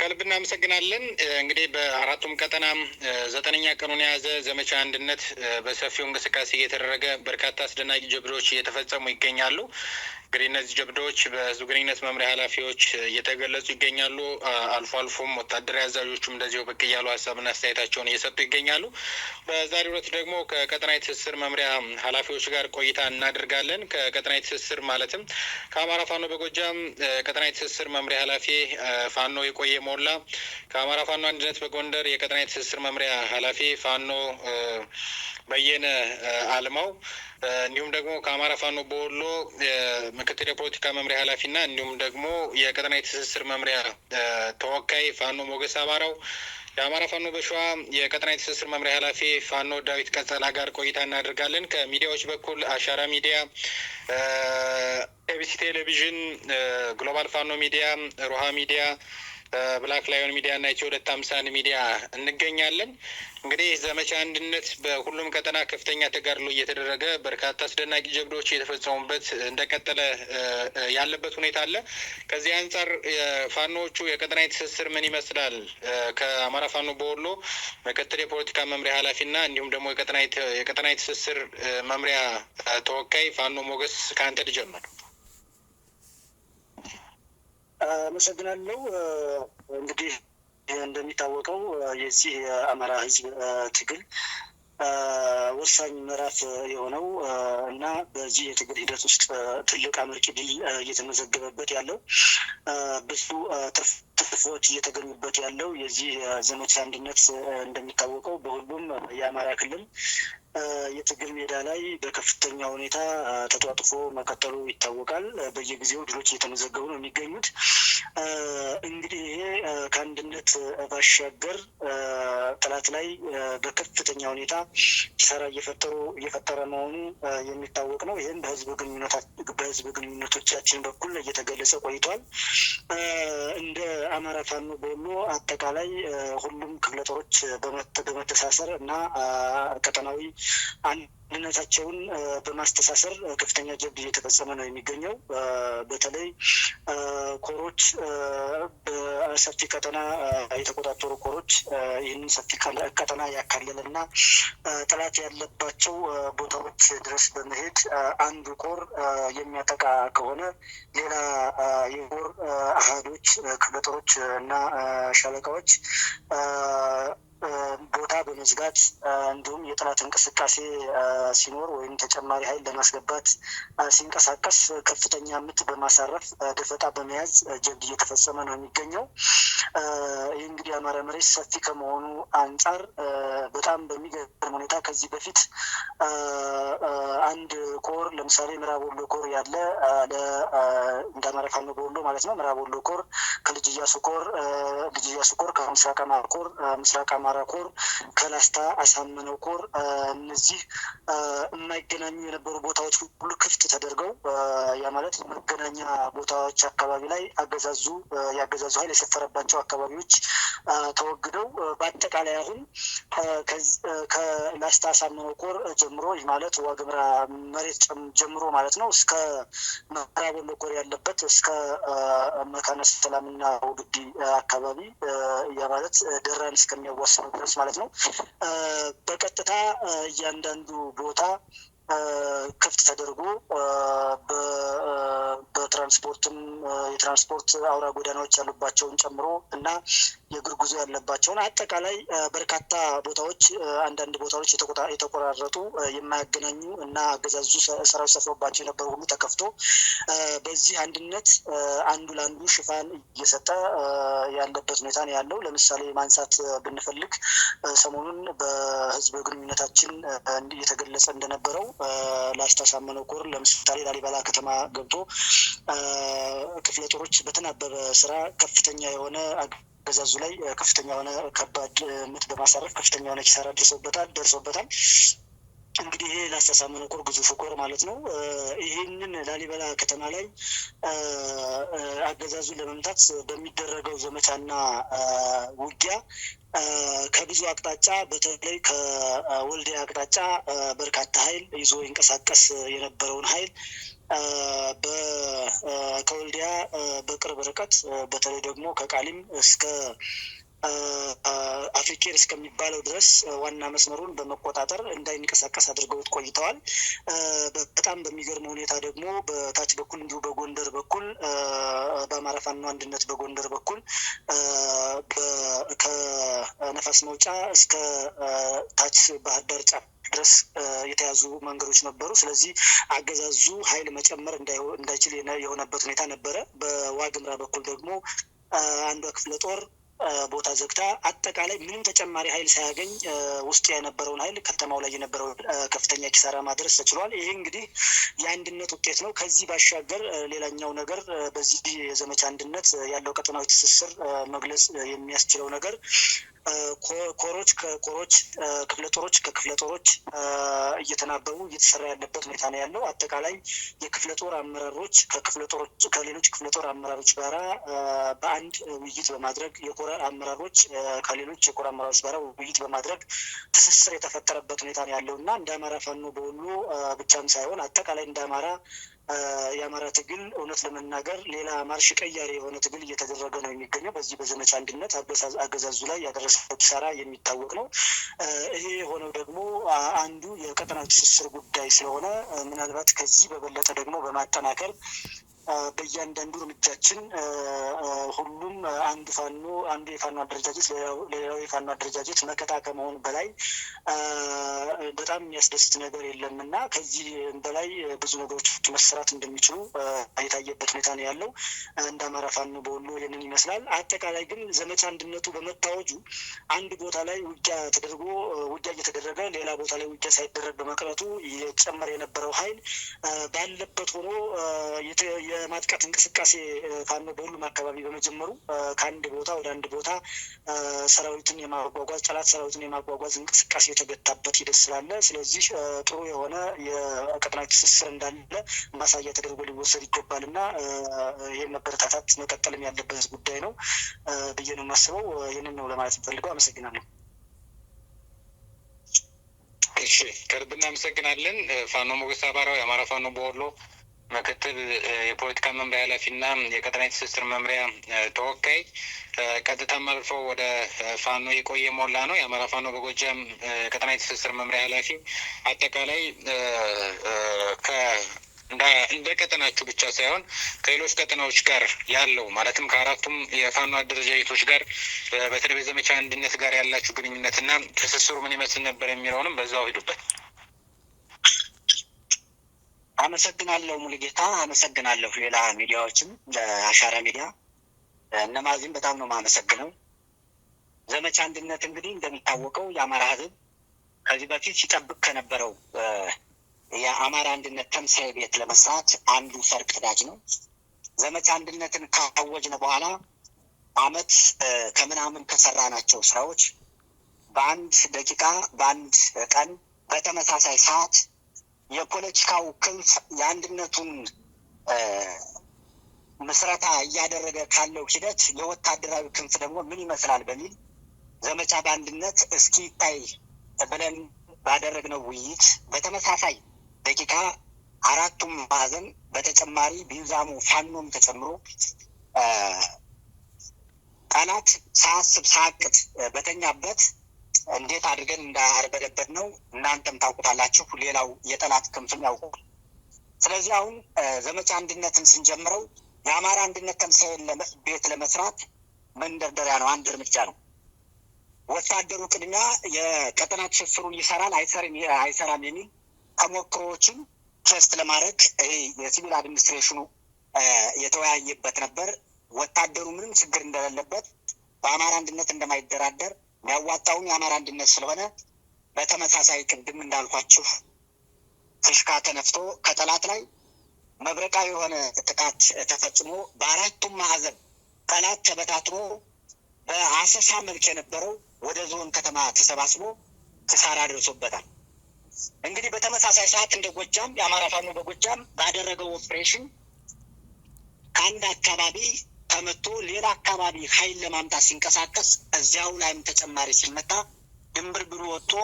ከልብ እናመሰግናለን። እንግዲህ በአራቱም ቀጠና ዘጠነኛ ቀኑን የያዘ ዘመቻ አንድነት በሰፊው እንቅስቃሴ እየተደረገ በርካታ አስደናቂ ጀብዶዎች እየተፈጸሙ ይገኛሉ። እንግዲህ እነዚህ ጀብዶዎች በህዝብ ግንኙነት መምሪያ ኃላፊዎች እየተገለጹ ይገኛሉ። አልፎ አልፎም ወታደራዊ አዛዦቹም እንደዚሁ ብቅ እያሉ ሀሳብና አስተያየታቸውን እየሰጡ ይገኛሉ። በዛሬው ዕለት ደግሞ ከቀጠናዊ ትስስር መምሪያ ኃላፊዎች ጋር ቆይታ እናደርጋለን። ከቀጠናዊ ትስስር ማለትም ከአማራ ፋኖ በጎጃም ቀጠናዊ ትስስር መምሪያ ኃላፊ ፋኖ የቆየ ሞላ ከአማራ ፋኖ አንድነት በጎንደር የቀጠና ትስስር መምሪያ ኃላፊ ፋኖ በየነ አልማው እንዲሁም ደግሞ ከአማራ ፋኖ በወሎ ምክትል የፖለቲካ መምሪያ ኃላፊና እንዲሁም ደግሞ የቀጠና ትስስር መምሪያ ተወካይ ፋኖ ሞገስ አባራው የአማራ ፋኖ በሸዋ የቀጠና ትስስር መምሪያ ኃላፊ ፋኖ ዳዊት ቀጸላ ጋር ቆይታ እናደርጋለን። ከሚዲያዎች በኩል አሻራ ሚዲያ፣ ኤቢሲ ቴሌቪዥን፣ ግሎባል ፋኖ ሚዲያ፣ ሮሃ ሚዲያ በብላክ ላዮን ሚዲያ እና ኢትዮ ሁለት አምሳን ሚዲያ እንገኛለን። እንግዲህ ዘመቻ አንድነት በሁሉም ቀጠና ከፍተኛ ተጋድሎ እየተደረገ በርካታ አስደናቂ ጀብዶች እየተፈጸሙበት እንደቀጠለ ያለበት ሁኔታ አለ። ከዚህ አንጻር ፋኖዎቹ የቀጠና ትስስር ምን ይመስላል? ከአማራ ፋኖ በወሎ ምክትል የፖለቲካ መምሪያ ኃላፊና እንዲሁም ደግሞ የቀጠና ትስስር መምሪያ ተወካይ ፋኖ ሞገስ ከአንተ ልጀምር። አመሰግናለሁ። እንግዲህ እንደሚታወቀው የዚህ የአማራ ህዝብ ትግል ወሳኝ ምዕራፍ የሆነው እና በዚህ የትግል ሂደት ውስጥ ትልቅ አመርቂ ድል እየተመዘገበበት ያለው ብዙ ትርፎች እየተገኙበት ያለው የዚህ ዘመቻ አንድነት እንደሚታወቀው በሁሉም የአማራ ክልል የትግል ሜዳ ላይ በከፍተኛ ሁኔታ ተጧጥፎ መቀጠሉ ይታወቃል። በየጊዜው ድሎች እየተመዘገቡ ነው የሚገኙት። እንግዲህ ይሄ ከአንድነት ባሻገር ጠላት ላይ በከፍተኛ ሁኔታ ኪሳራ እየፈጠሩ እየፈጠረ መሆኑ የሚታወቅ ነው። ይህም በህዝብ ግንኙነቶቻችን በኩል እየተገለጸ ቆይቷል። እንደ አማራ ፋኖ በወሎ አጠቃላይ ሁሉም ክፍለ ጦሮች በመተሳሰር እና ቀጠናዊ አንድነታቸውን በማስተሳሰር ከፍተኛ ጀብድ እየተፈጸመ ነው የሚገኘው። በተለይ ኮሮች በሰፊ ቀጠና የተቆጣጠሩ ኮሮች ይህንን ሰፊ ቀጠና እና ጠላት ያለባቸው ቦታዎች ድረስ በመሄድ አንዱ ኮር የሚያጠቃ ከሆነ ሌላ የኮር አህዶች፣ ክፍለ ጦሮች እና ሻለቃዎች ቦታ በመዝጋት እንዲሁም የጠላት እንቅስቃሴ ሲኖር ወይም ተጨማሪ ኃይል ለማስገባት ሲንቀሳቀስ ከፍተኛ ምት በማሳረፍ ደፈጣ በመያዝ ጀብድ እየተፈጸመ ነው የሚገኘው። ይህ እንግዲህ አማራ መሬት ሰፊ ከመሆኑ አንጻር በጣም በሚገርም ሁኔታ ከዚህ በፊት አንድ ኮር ለምሳሌ ምዕራብ ወሎ ኮር ያለ እንደ አማራ ፋኖ በወሎ ማለት ነው። ምዕራብ ወሎ ኮር ከልጅ እያሱ ኮር ልጅ እያሱ ኮር ከምስራቅ አማራ ኮር ምስራቅ አማራ አማራ ኮር ከላስታ አሳመነው ኮር እነዚህ የማይገናኙ የነበሩ ቦታዎች ሁሉ ክፍት ተደርገው ያ ማለት መገናኛ ቦታዎች አካባቢ ላይ አገዛዙ የአገዛዙ ኃይል የሰፈረባቸው አካባቢዎች ተወግደው በአጠቃላይ አሁን ከላስታ አሳመነው ኮር ጀምሮ ይህ ማለት ዋግምራ መሬት ጀምሮ ማለት ነው እስከ ምዕራብ መኮር ያለበት እስከ መካነ ሰላምና ውድዲ አካባቢ ያ ማለት ደራን እስከሚያዋሳ ድረስ ማለት ነው። በቀጥታ እያንዳንዱ ቦታ ክፍት ተደርጎ በትራንስፖርትም የትራንስፖርት አውራ ጎዳናዎች ያሉባቸውን ጨምሮ እና የእግር ጉዞ ያለባቸውን አጠቃላይ በርካታ ቦታዎች አንዳንድ ቦታዎች የተቆራረጡ የማያገናኙ እና አገዛዙ ሰራዊት ሰፍሮባቸው የነበሩ ሁሉ ተከፍቶ በዚህ አንድነት አንዱ ለአንዱ ሽፋን እየሰጠ ያለበት ሁኔታ ነው ያለው። ለምሳሌ ማንሳት ብንፈልግ ሰሞኑን በህዝብ ግንኙነታችን እየተገለጸ እንደነበረው ላስታ ሳመነው ኮር ለምሳሌ ላሊበላ ከተማ ገብቶ ክፍለ ጦሮች በተናበበ ስራ ከፍተኛ የሆነ አገዛዙ ላይ ከፍተኛ የሆነ ከባድ ምት በማሳረፍ ከፍተኛ የሆነ ኪሳራ ደርሶበታል ደርሶበታል። እንግዲህ ይሄ ላስቻሳ መነኮር ግዙ ፍቁር ማለት ነው። ይህንን ላሊበላ ከተማ ላይ አገዛዙን ለመምታት በሚደረገው ዘመቻና ውጊያ ከብዙ አቅጣጫ በተለይ ከወልዲያ አቅጣጫ በርካታ ኃይል ይዞ ይንቀሳቀስ የነበረውን ኃይል ከወልዲያ በቅርብ ርቀት በተለይ ደግሞ ከቃሊም እስከ አፍሪኬር እስከሚባለው ድረስ ዋና መስመሩን በመቆጣጠር እንዳይንቀሳቀስ አድርገውት ቆይተዋል። በጣም በሚገርም ሁኔታ ደግሞ በታች በኩል እንዲሁ በጎንደር በኩል በአማራ ፋኖ አንድነት በጎንደር በኩል ከነፋስ መውጫ እስከ ታች ባህር ዳር ጫፍ ድረስ የተያዙ መንገዶች ነበሩ። ስለዚህ አገዛዙ ኃይል መጨመር እንዳይችል የሆነበት ሁኔታ ነበረ። በዋግምራ በኩል ደግሞ አንዷ ክፍለ ጦር ቦታ ዘግታ አጠቃላይ ምንም ተጨማሪ ኃይል ሳያገኝ ውስጡ የነበረውን ኃይል ከተማው ላይ የነበረው ከፍተኛ ኪሳራ ማድረስ ተችሏል። ይሄ እንግዲህ የአንድነት ውጤት ነው። ከዚህ ባሻገር ሌላኛው ነገር በዚህ የዘመቻ አንድነት ያለው ቀጠናዊ ትስስር መግለጽ የሚያስችለው ነገር ኮሮች ከኮሮች ክፍለ ጦሮች ከክፍለ ጦሮች እየተናበቡ እየተሰራ ያለበት ሁኔታ ነው ያለው። አጠቃላይ የክፍለ ጦር አመራሮች ከክፍለ ጦሮች ከሌሎች ክፍለ ጦር አመራሮች ጋራ በአንድ ውይይት በማድረግ የኮረ አመራሮች ከሌሎች የኮረ አመራሮች ጋራ ውይይት በማድረግ ትስስር የተፈጠረበት ሁኔታ ነው ያለው እና እንደ አማራ ፋኖ በወሎ ብቻም ሳይሆን አጠቃላይ እንደ አማራ የአማራ ትግል እውነት ለመናገር ሌላ ማርሽ ቀያሪ የሆነ ትግል እየተደረገ ነው የሚገኘው። በዚህ በዘመቻ አንድነት አገዛዙ ላይ ያደረሰው ኪሳራ የሚታወቅ ነው። ይሄ የሆነው ደግሞ አንዱ የቀጠናው ትስስር ጉዳይ ስለሆነ ምናልባት ከዚህ በበለጠ ደግሞ በማጠናከር በእያንዳንዱ እርምጃችን ሁሉም አንድ ፋኖ አንዱ የፋኖ አደረጃጀት ሌላው የፋኖ አደረጃጀት መከታ ከመሆኑ በላይ በጣም የሚያስደስት ነገር የለም እና ከዚህ በላይ ብዙ ነገሮች መሰራት እንደሚችሉ የታየበት ሁኔታ ነው ያለው። እንደ አማራ ፋኖ በወሎ ይህንን ይመስላል። አጠቃላይ ግን ዘመቻ አንድነቱ በመታወጁ አንድ ቦታ ላይ ውጊያ ተደርጎ ውጊያ እየተደረገ ሌላ ቦታ ላይ ውጊያ ሳይደረግ በመቅረቱ የጨመረ የነበረው ኃይል ባለበት ሆኖ የማጥቃት እንቅስቃሴ ፋኖ በሁሉም አካባቢ በመጀመሩ ከአንድ ቦታ ወደ አንድ ቦታ ሰራዊትን የማጓጓዝ ጠላት ሰራዊትን የማጓጓዝ እንቅስቃሴ የተገታበት ሂደት ስላለ ስለዚህ ጥሩ የሆነ የቀጠናዊ ትስስር እንዳለ ማሳያ ተደርጎ ሊወሰድ ይገባል እና ይህን መበረታታት መቀጠልም ያለበት ጉዳይ ነው ብዬ ነው የማስበው። ይህንን ነው ለማለት የምፈልገው። አመሰግናለሁ። እሺ፣ ከልብ እናመሰግናለን። ፋኖ ሞገስ አባራዊ የአማራ ፋኖ በወሎ ምክትል የፖለቲካ መምሪያ ኃላፊና የቀጠና ትስስር መምሪያ ተወካይ ቀጥታም አልፎ ወደ ፋኖ የቆየ ሞላ ነው የአማራ ፋኖ በጎጃም ቀጠና ትስስር መምሪያ ኃላፊ አጠቃላይ እንደ ቀጠናችሁ ብቻ ሳይሆን ከሌሎች ቀጠናዎች ጋር ያለው ማለትም ከአራቱም የፋኖ አደረጃጀቶች ጋር በተለይ ዘመቻ አንድነት ጋር ያላችሁ ግንኙነትና ትስስሩ ምን ይመስል ነበር የሚለውንም በዛው ሂዱበት። አመሰግናለሁ ሙሉጌታ፣ አመሰግናለሁ ሌላ ሚዲያዎችም ለአሻራ ሚዲያ እነማዚህም በጣም ነው የማመሰግነው። ዘመቻ አንድነት እንግዲህ እንደሚታወቀው የአማራ ህዝብ ከዚህ በፊት ሲጠብቅ ከነበረው የአማራ አንድነት ተምሳይ ቤት ለመስራት አንዱ ዳጅ ነው። ዘመቻ አንድነትን ካወጅነ በኋላ አመት ከምናምን ከሰራ ናቸው ስራዎች በአንድ ደቂቃ በአንድ ቀን በተመሳሳይ ሰዓት የፖለቲካው ክንፍ የአንድነቱን ምስረታ እያደረገ ካለው ሂደት የወታደራዊ ክንፍ ደግሞ ምን ይመስላል በሚል ዘመቻ በአንድነት እስኪ ይታይ ብለን ባደረግነው ውይይት በተመሳሳይ ደቂቃ አራቱም ማዕዘን በተጨማሪ ቢንዛሙ ፋኖም ተጨምሮ ጠላት ሳያስብ ሳያቅት በተኛበት እንዴት አድርገን እንዳርበደበት ነው እናንተም ታውቁታላችሁ፣ ሌላው የጠላት ክንፍም ያውቁል። ስለዚህ አሁን ዘመቻ አንድነትን ስንጀምረው የአማራ አንድነት ተምሳኤት ቤት ለመስራት መንደርደሪያ ነው፣ አንድ እርምጃ ነው። ወታደሩ ቅድሚያ የቀጠና ትስስሩን ይሰራል አይሰራም የሚል ተሞክሮዎችን ቴስት ለማድረግ ይሄ የሲቪል አድሚኒስትሬሽኑ የተወያየበት ነበር። ወታደሩ ምንም ችግር እንደሌለበት በአማራ አንድነት እንደማይደራደር የሚያዋጣውም የአማራ አንድነት ስለሆነ በተመሳሳይ ቅድም እንዳልኳችሁ ፍሽካ ተነፍቶ ከጠላት ላይ መብረቃዊ የሆነ ጥቃት ተፈጽሞ በአራቱም ማዕዘን ጠላት ተበታትኖ በአሰሳ መልክ የነበረው ወደ ዞን ከተማ ተሰባስቦ ክሳራ ደርሶበታል። እንግዲህ በተመሳሳይ ሰዓት እንደ ጎጃም የአማራ ፋኖ በጎጃም ባደረገው ኦፕሬሽን ከአንድ አካባቢ ተመቶ ሌላ አካባቢ ኃይል ለማምጣት ሲንቀሳቀስ እዚያው ላይም ተጨማሪ ሲመታ ድንብርብር ወጥቶ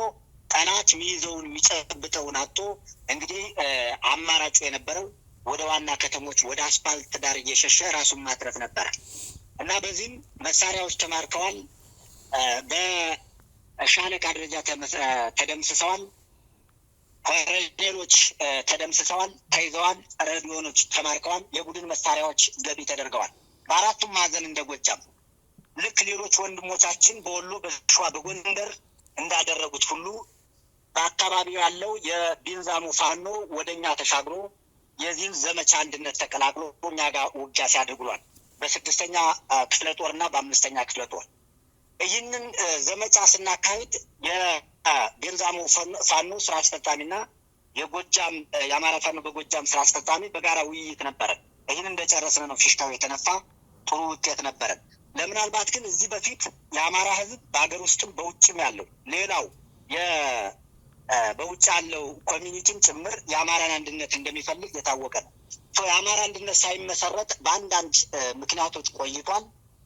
ጠላት የሚይዘውን የሚጨብጠውን አቶ እንግዲህ አማራጩ የነበረው ወደ ዋና ከተሞች ወደ አስፓልት ዳር እየሸሸ ራሱን ማትረፍ ነበረ እና በዚህም መሳሪያዎች ተማርከዋል። በሻለቃ ደረጃ ተደምስሰዋል። ኮረኔሎች ተደምስሰዋል፣ ተይዘዋል። ሬዲዮኖች ተማርከዋል። የቡድን መሳሪያዎች ገቢ ተደርገዋል። በአራቱም ማዕዘን እንደ ጎጃም ልክ ሌሎች ወንድሞቻችን በወሎ፣ በሸዋ፣ በጎንደር እንዳደረጉት ሁሉ በአካባቢው ያለው የቢንዛኑ ፋኖ ወደ እኛ ተሻግሮ የዚህም ዘመቻ አንድነት ተቀላቅሎ እኛ ጋር ውጊያ ሲያደርግሏል በስድስተኛ ክፍለ ጦር እና በአምስተኛ ክፍለ ጦር ይህንን ዘመቻ ስናካሂድ የቤንዛሙ ፋኖ ስራ አስፈጻሚና የጎጃም የአማራ ፋኖ በጎጃም ስራ አስፈጻሚ በጋራ ውይይት ነበረ። ይህን እንደጨረስን ነው ፊሽካው የተነፋ። ጥሩ ውጤት ነበረን። ለምናልባት ግን እዚህ በፊት የአማራ ህዝብ በሀገር ውስጥም በውጭም ያለው ሌላው በውጭ ያለው ኮሚኒቲም ጭምር የአማራን አንድነት እንደሚፈልግ የታወቀ ነው። የአማራ አንድነት ሳይመሰረት በአንዳንድ ምክንያቶች ቆይቷል።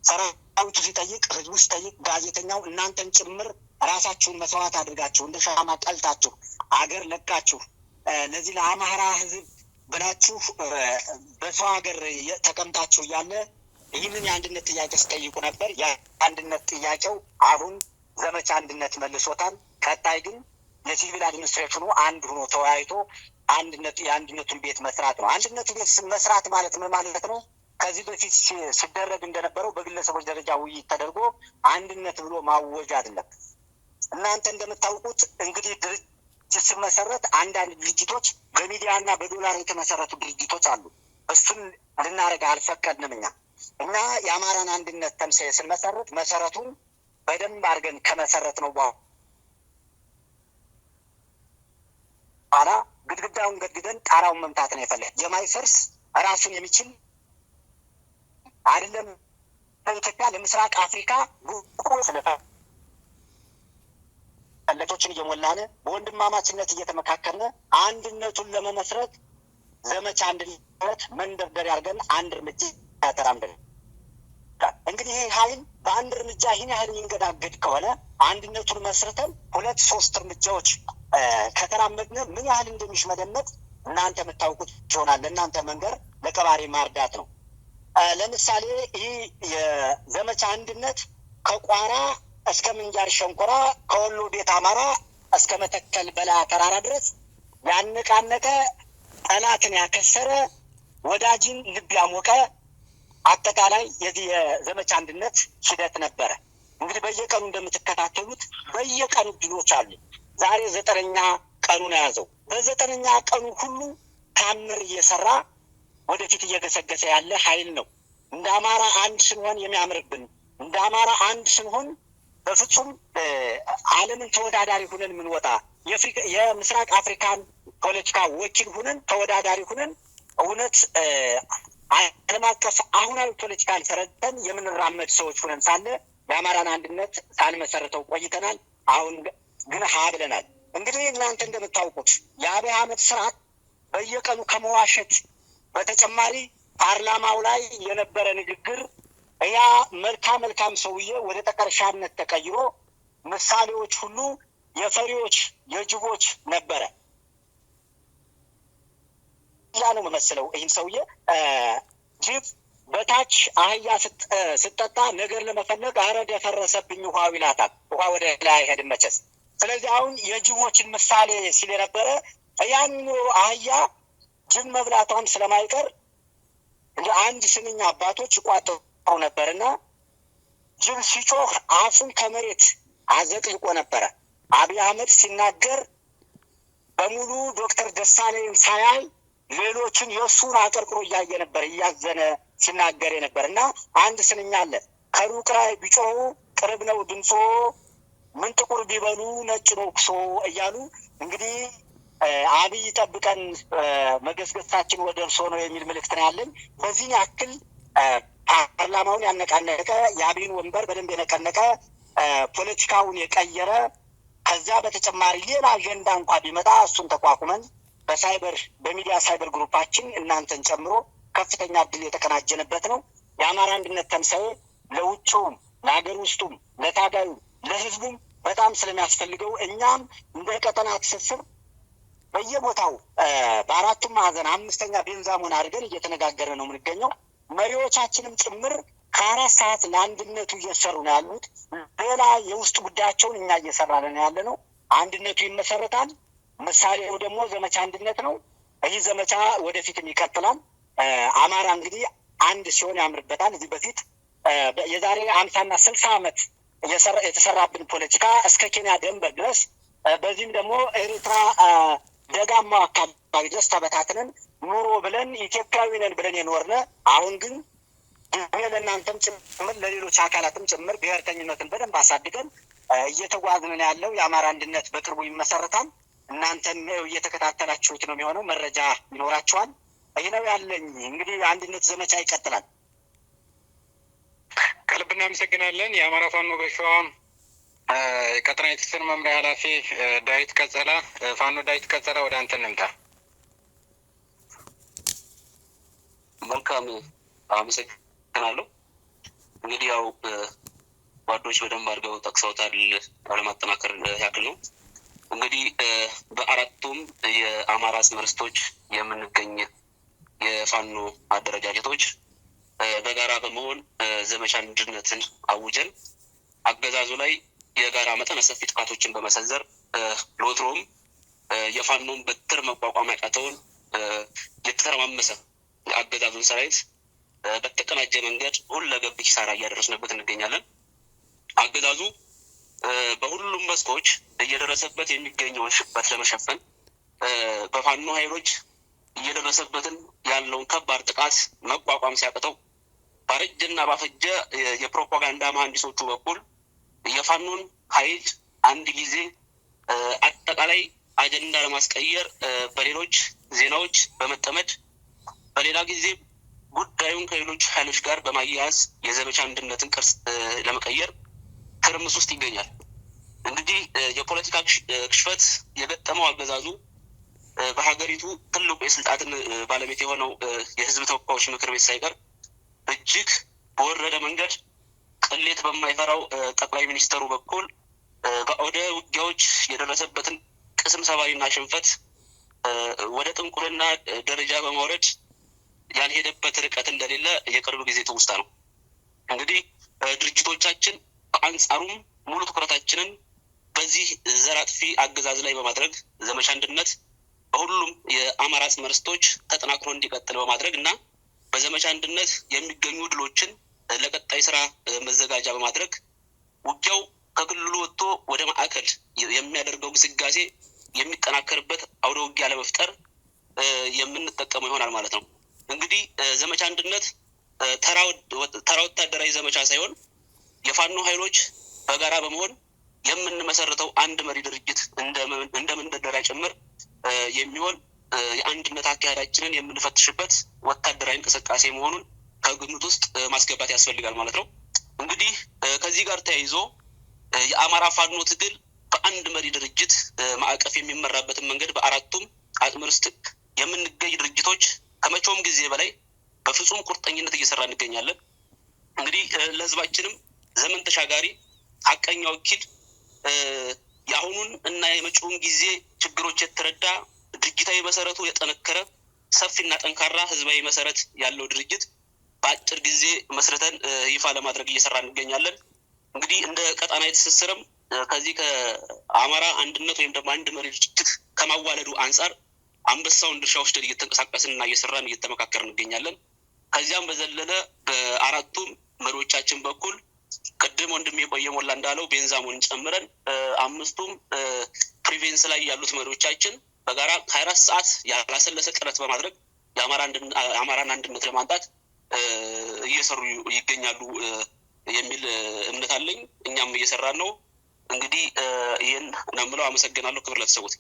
ሰራዊቱ ሲጠይቅ፣ ህዝቡ ሲጠይቅ፣ ጋዜጠኛው እናንተን ጭምር ራሳችሁን መስዋዕት አድርጋችሁ እንደ ሻማ ቀልጣችሁ አገር ለቃችሁ ለዚህ ለአማራ ህዝብ ብላችሁ በሰው ሀገር ተቀምጣችሁ እያለ ይህንን የአንድነት ጥያቄ ሲጠይቁ ነበር። የአንድነት ጥያቄው አሁን ዘመቻ አንድነት መልሶታል። ቀጣይ ግን የሲቪል አድሚኒስትሬሽኑ አንድ ሆኖ ተወያይቶ አንድነቱ የአንድነቱን ቤት መስራት ነው። አንድነቱ ቤት መስራት ማለት ምን ማለት ነው? ከዚህ በፊት ሲደረግ እንደነበረው በግለሰቦች ደረጃ ውይይት ተደርጎ አንድነት ብሎ ማወጅ አይደለም። እናንተ እንደምታውቁት እንግዲህ ድርጅት ሲመሰረት አንዳንድ ድርጅቶች በሚዲያ እና በዶላር የተመሰረቱ ድርጅቶች አሉ። እሱን ልናደርግ አልፈቀድንም እኛ እና የአማራን አንድነት ተምሳሌ ስንመሰረት መሰረቱን በደንብ አድርገን ከመሰረት ነው በኋላ ግድግዳውን ገድግደን ጣራውን መምታት ነው የፈለግ የማይፈርስ ራሱን የሚችል አይደለም። በኢትዮጵያ ለምስራቅ አፍሪካ ለቶችን እየሞላነ በወንድማማችነት እየተመካከርነ አንድነቱን ለመመስረት ዘመቻ አንድነት መንደርደሪያ አድርገን አንድ እርምጃ አያተራምድም። እንግዲህ ይህ ኃይል በአንድ እርምጃ ይህን ያህል የሚንገዳገድ ከሆነ አንድነቱን መስርተን ሁለት ሶስት እርምጃዎች ከተራመድነ ምን ያህል እንደሚሽመደመጥ እናንተ የምታውቁት ይሆናል። ለእናንተ መንገር ለቀባሪ ማርዳት ነው። ለምሳሌ ይህ የዘመቻ አንድነት ከቋራ እስከ ምንጃር ሸንኮራ ከወሎ ቤት አማራ እስከ መተከል በላ ተራራ ድረስ ያነቃነቀ ጠላትን ያከሰረ ወዳጅን ልብ ያሞቀ አጠቃላይ የዚህ የዘመቻ አንድነት ሂደት ነበረ። እንግዲህ በየቀኑ እንደምትከታተሉት በየቀኑ ድሎች አሉ። ዛሬ ዘጠነኛ ቀኑን የያዘው በዘጠነኛ ቀኑ ሁሉ ታምር እየሰራ ወደፊት እየገሰገሰ ያለ ኃይል ነው። እንደ አማራ አንድ ስንሆን የሚያምርብን እንደ አማራ አንድ ስንሆን በፍጹም ዓለምን ተወዳዳሪ ሁነን የምንወጣ የምስራቅ አፍሪካን ፖለቲካ ወኪል ሁነን ተወዳዳሪ ሁነን እውነት ዓለም አቀፍ አሁናዊ ፖለቲካን ተረድተን የምንራመድ ሰዎች ሆነን ሳለ የአማራን አንድነት ሳንመሰርተው ቆይተናል። አሁን ግን ሀ ብለናል። እንግዲህ እናንተ እንደምታውቁት የአብይ አህመድ ስርዓት በየቀኑ ከመዋሸት በተጨማሪ ፓርላማው ላይ የነበረ ንግግር ያ መልካ መልካም ሰውዬ ወደ ጠቀርሻነት ተቀይሮ ምሳሌዎች ሁሉ የፈሪዎች የጅቦች ነበረ። ያ ነው የምመስለው። ይህም ሰውዬ ጅብ በታች አህያ ስጠጣ ነገር ለመፈለግ አረድ የፈረሰብኝ ውሃ ይላታል። ውሃ ወደ ላይ አይሄድም መቼስ። ስለዚህ አሁን የጅቦችን ምሳሌ ሲል የነበረ ያን አህያ ጅብ መብላቷም ስለማይቀር እንደ አንድ ስንኝ አባቶች ይቋጠሩ ነበርና ጅብ ሲጮህ አፉን ከመሬት አዘቅዝቆ ነበረ። አብይ አህመድ ሲናገር በሙሉ ዶክተር ደሳለኝን ሳያይ ሌሎችን የእሱን አቀርቅሮ እያየ ነበር፣ እያዘነ ሲናገር ነበር። እና አንድ ስንኛ አለ ከሩቅ ላይ ቢጮሁ ቅርብ ነው ድምፆ፣ ምን ጥቁር ቢበሉ ነጭ ነው ክሶ እያሉ እንግዲህ አብይ ጠብቀን መገስገሳችን ወደ እርሶ ነው የሚል ምልክት ነው ያለን። በዚህን ያክል ፓርላማውን ያነቃነቀ የአብይን ወንበር በደንብ የነቀነቀ ፖለቲካውን የቀየረ ከዚያ በተጨማሪ ሌላ አጀንዳ እንኳ ቢመጣ እሱን ተቋቁመን በሳይበር በሚዲያ ሳይበር ግሩፓችን እናንተን ጨምሮ ከፍተኛ እድል የተቀናጀንበት ነው። የአማራ አንድነት ተምሳኤ ለውጭውም ለሀገር ውስጡም ለታጋዩ ለህዝቡም በጣም ስለሚያስፈልገው እኛም እንደ ቀጠና ትስስር በየቦታው በአራቱም ማዕዘን አምስተኛ ቤንዛሞን አድርገን እየተነጋገረ ነው የምንገኘው። መሪዎቻችንም ጭምር ከአራት ሰዓት ለአንድነቱ እየሰሩ ነው ያሉት። ሌላ የውስጥ ጉዳያቸውን እኛ እየሰራን ነው ያለ ነው። አንድነቱ ይመሰረታል። ምሳሌው ደግሞ ዘመቻ አንድነት ነው። ይህ ዘመቻ ወደፊትም ይቀጥላል። አማራ እንግዲህ አንድ ሲሆን ያምርበታል። እዚህ በፊት የዛሬ አምሳና ስልሳ ዓመት የተሰራብን ፖለቲካ እስከ ኬንያ ደንበር ድረስ በዚህም ደግሞ ኤርትራ ደጋማ አካባቢ ድረስ ተበታትነን ኑሮ ብለን ኢትዮጵያዊ ነን ብለን የኖርነ አሁን ግን ግሜ ለእናንተም ጭምር ለሌሎች አካላትም ጭምር ብሔርተኝነትን በደንብ አሳድገን እየተጓዝንን ያለው የአማራ አንድነት በቅርቡ ይመሰረታል። እናንተን እየተከታተላችሁት ነው የሚሆነው። መረጃ ይኖራችኋል። ይህ ነው ያለኝ። እንግዲህ አንድነት ዘመቻ ይቀጥላል። ከልብ እናመሰግናለን። የአማራ ፋኖ በሸዋ የቀጠና ትስር መምሪያ ኃላፊ ዳዊት ቀጸላ። ፋኖ ዳዊት ቀጸላ ወደ አንተ እንምጣ። መልካም አመሰግናለሁ። እንግዲህ ያው ጓዶች በደንብ አድርገው ጠቅሰውታል። አለማጠናከር ያክል ነው እንግዲህ በአራቱም የአማራ ስመርስቶች የምንገኝ የፋኖ አደረጃጀቶች በጋራ በመሆን ዘመቻ አንድነትን አውጀን አገዛዙ ላይ የጋራ መጠነ ሰፊ ጥቃቶችን በመሰንዘር ሎትሮም የፋኖን በትር መቋቋም ያቃተውን የተተረማመሰ የአገዛዙን ሰራዊት በተቀናጀ መንገድ ሁለገብ ኪሳራ እያደረስንበት እንገኛለን። አገዛዙ በሁሉም መስኮች እየደረሰበት የሚገኘውን ሽበት ለመሸፈን በፋኖ ኃይሎች እየደረሰበትን ያለውን ከባድ ጥቃት መቋቋም ሲያቅተው ባረጀና ባፈጀ የፕሮፓጋንዳ መሀንዲሶቹ በኩል የፋኖን ኃይል አንድ ጊዜ አጠቃላይ አጀንዳ ለማስቀየር በሌሎች ዜናዎች በመጠመድ በሌላ ጊዜ ጉዳዩን ከሌሎች ኃይሎች ጋር በማያያዝ የዘመቻ አንድነትን ቅርጽ ለመቀየር ትርምስ ውስጥ ይገኛል። እንግዲህ የፖለቲካ ክሽፈት የገጠመው አገዛዙ በሀገሪቱ ትልቁ የስልጣትን ባለቤት የሆነው የህዝብ ተወካዮች ምክር ቤት ሳይቀር እጅግ በወረደ መንገድ ቅሌት በማይፈራው ጠቅላይ ሚኒስተሩ በኩል በአውደ ውጊያዎች የደረሰበትን ቅስም ሰባሪና ሽንፈት ወደ ጥንቁልና ደረጃ በማውረድ ያልሄደበት ርቀት እንደሌለ የቅርብ ጊዜ ትውስታ ነው። እንግዲህ ድርጅቶቻችን በአንጻሩም ሙሉ ትኩረታችንን በዚህ ዘር አጥፊ አገዛዝ ላይ በማድረግ ዘመቻ አንድነት በሁሉም የአማራ መርስቶች ተጠናክሮ እንዲቀጥል በማድረግ እና በዘመቻ አንድነት የሚገኙ ድሎችን ለቀጣይ ስራ መዘጋጃ በማድረግ ውጊያው ከክልሉ ወጥቶ ወደ ማዕከል የሚያደርገው ግስጋሴ የሚጠናከርበት አውደ ውጊያ ለመፍጠር የምንጠቀመው ይሆናል ማለት ነው። እንግዲህ ዘመቻ አንድነት ተራ ወታደራዊ ዘመቻ ሳይሆን የፋኖ ኃይሎች በጋራ በመሆን የምንመሰረተው አንድ መሪ ድርጅት እንደ መንደርደሪያ ጭምር የሚሆን የአንድነት አካሄዳችንን የምንፈትሽበት ወታደራዊ እንቅስቃሴ መሆኑን ከግምት ውስጥ ማስገባት ያስፈልጋል ማለት ነው። እንግዲህ ከዚህ ጋር ተያይዞ የአማራ ፋኖ ትግል በአንድ መሪ ድርጅት ማዕቀፍ የሚመራበትን መንገድ በአራቱም አቅም ርስት የምንገኝ ድርጅቶች ከመቼውም ጊዜ በላይ በፍጹም ቁርጠኝነት እየሰራ እንገኛለን። እንግዲህ ለህዝባችንም ዘመን ተሻጋሪ ሀቀኛ ወኪል የአሁኑን እና የመጪውን ጊዜ ችግሮች የተረዳ ድርጅታዊ መሰረቱ የጠነከረ ሰፊና ጠንካራ ህዝባዊ መሰረት ያለው ድርጅት በአጭር ጊዜ መስረተን ይፋ ለማድረግ እየሰራ እንገኛለን። እንግዲህ እንደ ቀጣናዊ ትስስርም ከዚህ ከአማራ አንድነት ወይም ደግሞ አንድ መሪ ድርጅት ከማዋለዱ አንጻር አንበሳውን ድርሻ ወስደን እየተንቀሳቀስን እና እየሰራን እየተመካከር እንገኛለን። ከዚያም በዘለለ በአራቱም መሪዎቻችን በኩል ቅድም ወንድም ሞላ እንዳለው ቤንዛሞን ጨምረን አምስቱም ፕሪቬንስ ላይ ያሉት መሪዎቻችን በጋራ ሀያ አራት ሰዓት ያላሰለሰ ጥረት በማድረግ የአማራን አንድነት ለማምጣት እየሰሩ ይገኛሉ የሚል እምነት አለኝ። እኛም እየሰራን ነው። እንግዲህ ይህን ነው የምለው። አመሰግናለሁ። ክብር ለተሰቡት።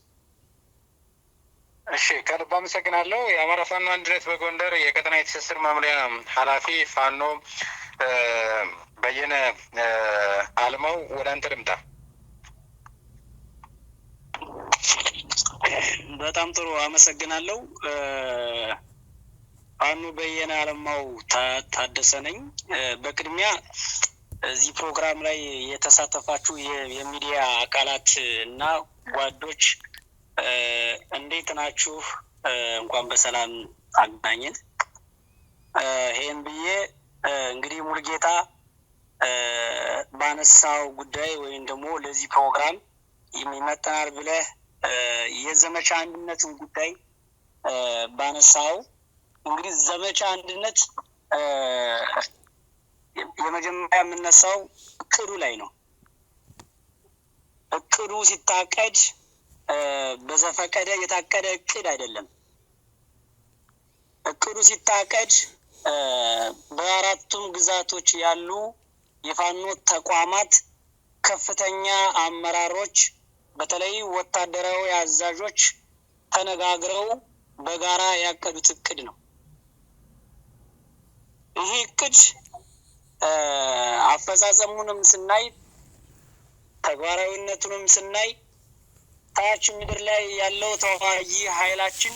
እሺ ከልብ አመሰግናለሁ። የአማራ ፋኖ አንድነት በጎንደር የቀጠና የትስስር መምሪያ ኃላፊ ፋኖ በየነ አልማው ወደ አንተ ልምጣ። በጣም ጥሩ አመሰግናለሁ። አኑ በየነ አለማው ታደሰ ነኝ። በቅድሚያ እዚህ ፕሮግራም ላይ የተሳተፋችሁ የሚዲያ አካላት እና ጓዶች እንዴት ናችሁ? እንኳን በሰላም አገናኘን። ይህን ብዬ እንግዲህ ሙልጌታ ባነሳው ጉዳይ ወይም ደግሞ ለዚህ ፕሮግራም የሚመጠናል ብለህ የዘመቻ አንድነትን ጉዳይ ባነሳው እንግዲህ ዘመቻ አንድነት የመጀመሪያ የምነሳው እቅዱ ላይ ነው። እቅዱ ሲታቀድ በዘፈቀደ የታቀደ እቅድ አይደለም። እቅዱ ሲታቀድ በአራቱም ግዛቶች ያሉ የፋኖ ተቋማት ከፍተኛ አመራሮች በተለይ ወታደራዊ አዛዦች ተነጋግረው በጋራ ያቀዱት እቅድ ነው። ይህ እቅድ አፈጻጸሙንም ስናይ ተግባራዊነቱንም ስናይ ታች ምድር ላይ ያለው ተዋጊ ኃይላችን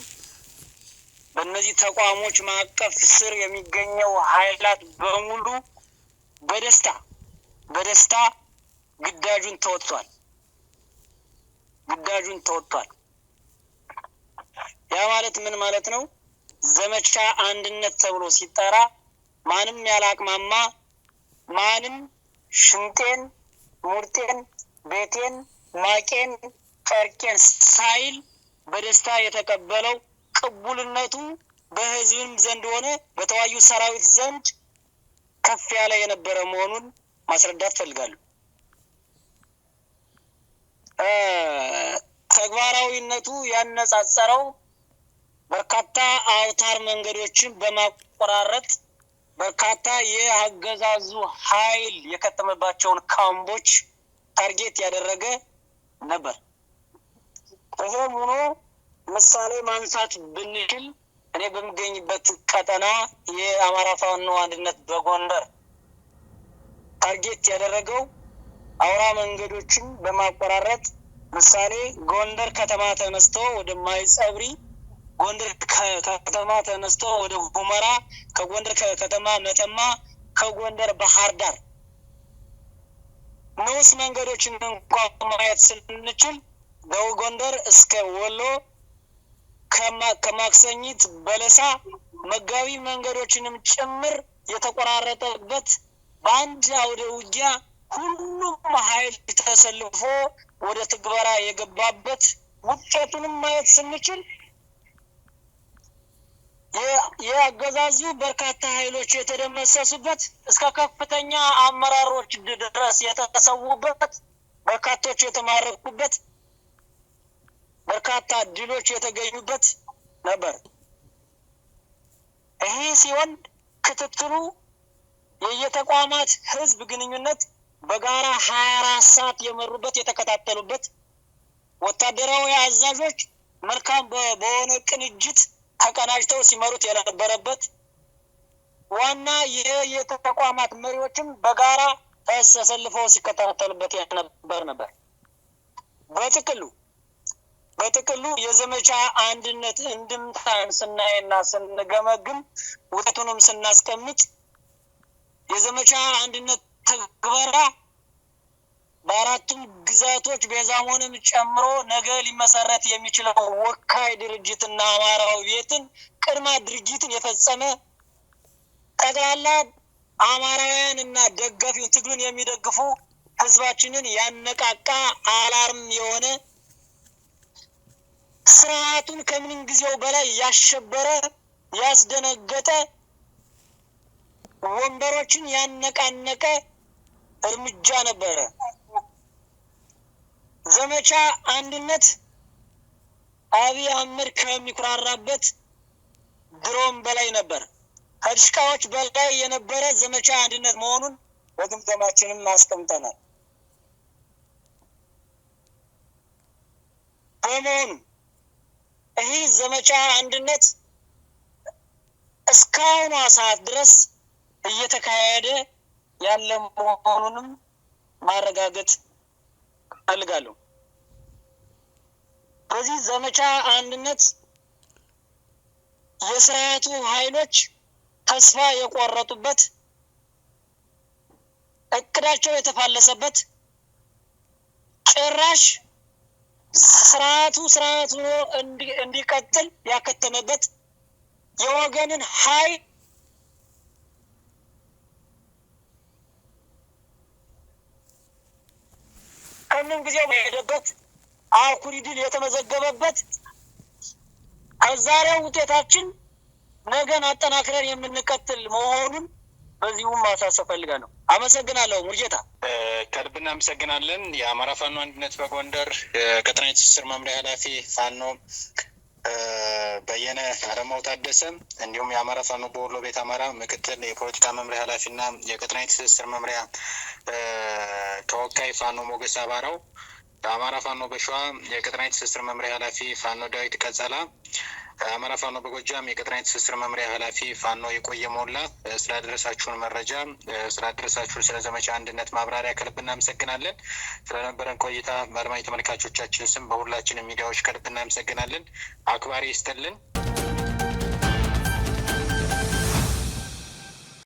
በእነዚህ ተቋሞች ማዕቀፍ ስር የሚገኘው ኃይላት በሙሉ በደስታ በደስታ ግዳጁን ተወጥቷል። ግዳጁን ተወጥቷል። ያ ማለት ምን ማለት ነው? ዘመቻ አንድነት ተብሎ ሲጠራ ማንም ያላቅማማ፣ ማንም ሽንጤን፣ ሙርጤን፣ ቤቴን፣ ማቄን፣ ጨርቄን ሳይል በደስታ የተቀበለው ቅቡልነቱ በህዝብም ዘንድ ሆነ በተዋዩ ሰራዊት ዘንድ ከፍ ያለ የነበረ መሆኑን ማስረዳት ፈልጋሉ። ተግባራዊነቱ ያነጻጸረው በርካታ አውታር መንገዶችን በማቆራረጥ በርካታ የአገዛዙ ኃይል የከተመባቸውን ካምቦች ታርጌት ያደረገ ነበር። ሆኖ ምሳሌ ማንሳት ብንችል እኔ በሚገኝበት ቀጠና የአማራ ፋኖ አንድነት በጎንደር ታርጌት ያደረገው አውራ መንገዶችን በማቆራረጥ ምሳሌ ጎንደር ከተማ ተነስቶ ወደ ማይጸብሪ፣ ጎንደር ከተማ ተነስቶ ወደ ሁመራ፣ ከጎንደር ከተማ መተማ፣ ከጎንደር ባህር ዳር ንዑስ መንገዶችን እንኳ ማየት ስንችል በጎንደር ጎንደር እስከ ወሎ ከማክሰኝት በለሳ መጋቢ መንገዶችንም ጭምር የተቆራረጠበት በአንድ አውደ ውጊያ ሁሉም ኃይል ተሰልፎ ወደ ትግበራ የገባበት ውጤቱንም ማየት ስንችል የአገዛዙ በርካታ ኃይሎች የተደመሰሱበት እስከ ከፍተኛ አመራሮች ድረስ የተሰዉበት በርካቶች የተማረኩበት በርካታ ድሎች የተገኙበት ነበር። ይሄ ሲሆን ክትትሉ የየተቋማት ህዝብ ግንኙነት በጋራ ሀያ አራት ሰዓት የመሩበት የተከታተሉበት ወታደራዊ አዛዦች መልካም በሆነ ቅንጅት ተቀናጅተው ሲመሩት የነበረበት ዋና የተቋማት መሪዎችም በጋራ ተሰልፈው ሲከታተሉበት የነበር ነበር በጥቅሉ በጥቅሉ የዘመቻ አንድነት እንድምታን ስናይና ስንገመግም ውጤቱንም ስናስቀምጥ የዘመቻ አንድነት ተግበራ በአራቱም ግዛቶች ቤዛሞንም ጨምሮ ነገ ሊመሰረት የሚችለው ወካይ ድርጅትና አማራው ቤትን ቅድማ ድርጅትን የፈጸመ ጠቅላላ አማራውያን እና ደጋፊው ትግሉን የሚደግፉ ህዝባችንን ያነቃቃ አላርም የሆነ ስርዓቱን ከምንም ጊዜው በላይ ያሸበረ ያስደነገጠ ወንበሮችን ያነቃነቀ እርምጃ ነበረ። ዘመቻ አንድነት አብይ አህመድ ከሚኩራራበት ድሮም በላይ ነበር። ከድሽቃዎች በላይ የነበረ ዘመቻ አንድነት መሆኑን በግምገማችንም አስቀምጠናል። በመሆኑ ይህ ዘመቻ አንድነት እስካሁኑ ሰዓት ድረስ እየተካሄደ ያለ መሆኑንም ማረጋገጥ እፈልጋለሁ። በዚህ ዘመቻ አንድነት የስርዓቱ ኃይሎች ተስፋ የቆረጡበት እቅዳቸው የተፋለሰበት ጭራሽ ስርዓቱ ስርዓት ሆኖ እንዲቀጥል ያከተመበት የወገንን ሀይ ከምንም ጊዜው የሄደበት አኩሪ ድል የተመዘገበበት ከዛሬው ውጤታችን ነገን አጠናክረን የምንቀጥል መሆኑን በዚሁም ማሳሰብ ፈልጋለሁ። አመሰግናለሁ። ሙርጌታ ከልብ እናመሰግናለን። የአማራ ፋኖ አንድነት በጎንደር ቀጠና ትስስር መምሪያ ኃላፊ ፋኖ በየነ አረማው ታደሰ እንዲሁም የአማራ ፋኖ በወሎ ቤት አማራ ምክትል የፖለቲካ መምሪያ ኃላፊና የቀጠና ትስስር መምሪያ ተወካይ ፋኖ ሞገስ አባራው በአማራ ፋኖ በሸዋ የቀጠናዊ ትስስር መምሪያ ኃላፊ ፋኖ ዳዊት ቀጸላ፣ አማራ ፋኖ በጎጃም የቅጥና ትስስር መምሪያ ኃላፊ ፋኖ የቆየ ሞላ ስላደረሳችሁን መረጃ ስላደረሳችሁን ስለ ዘመቻ አንድነት ማብራሪያ ከልብ እናመሰግናለን። ስለነበረን ቆይታ በአድማጭ ተመልካቾቻችን ስም በሁላችንም ሚዲያዎች ከልብ እናመሰግናለን። አክባሪ ይስጥልን።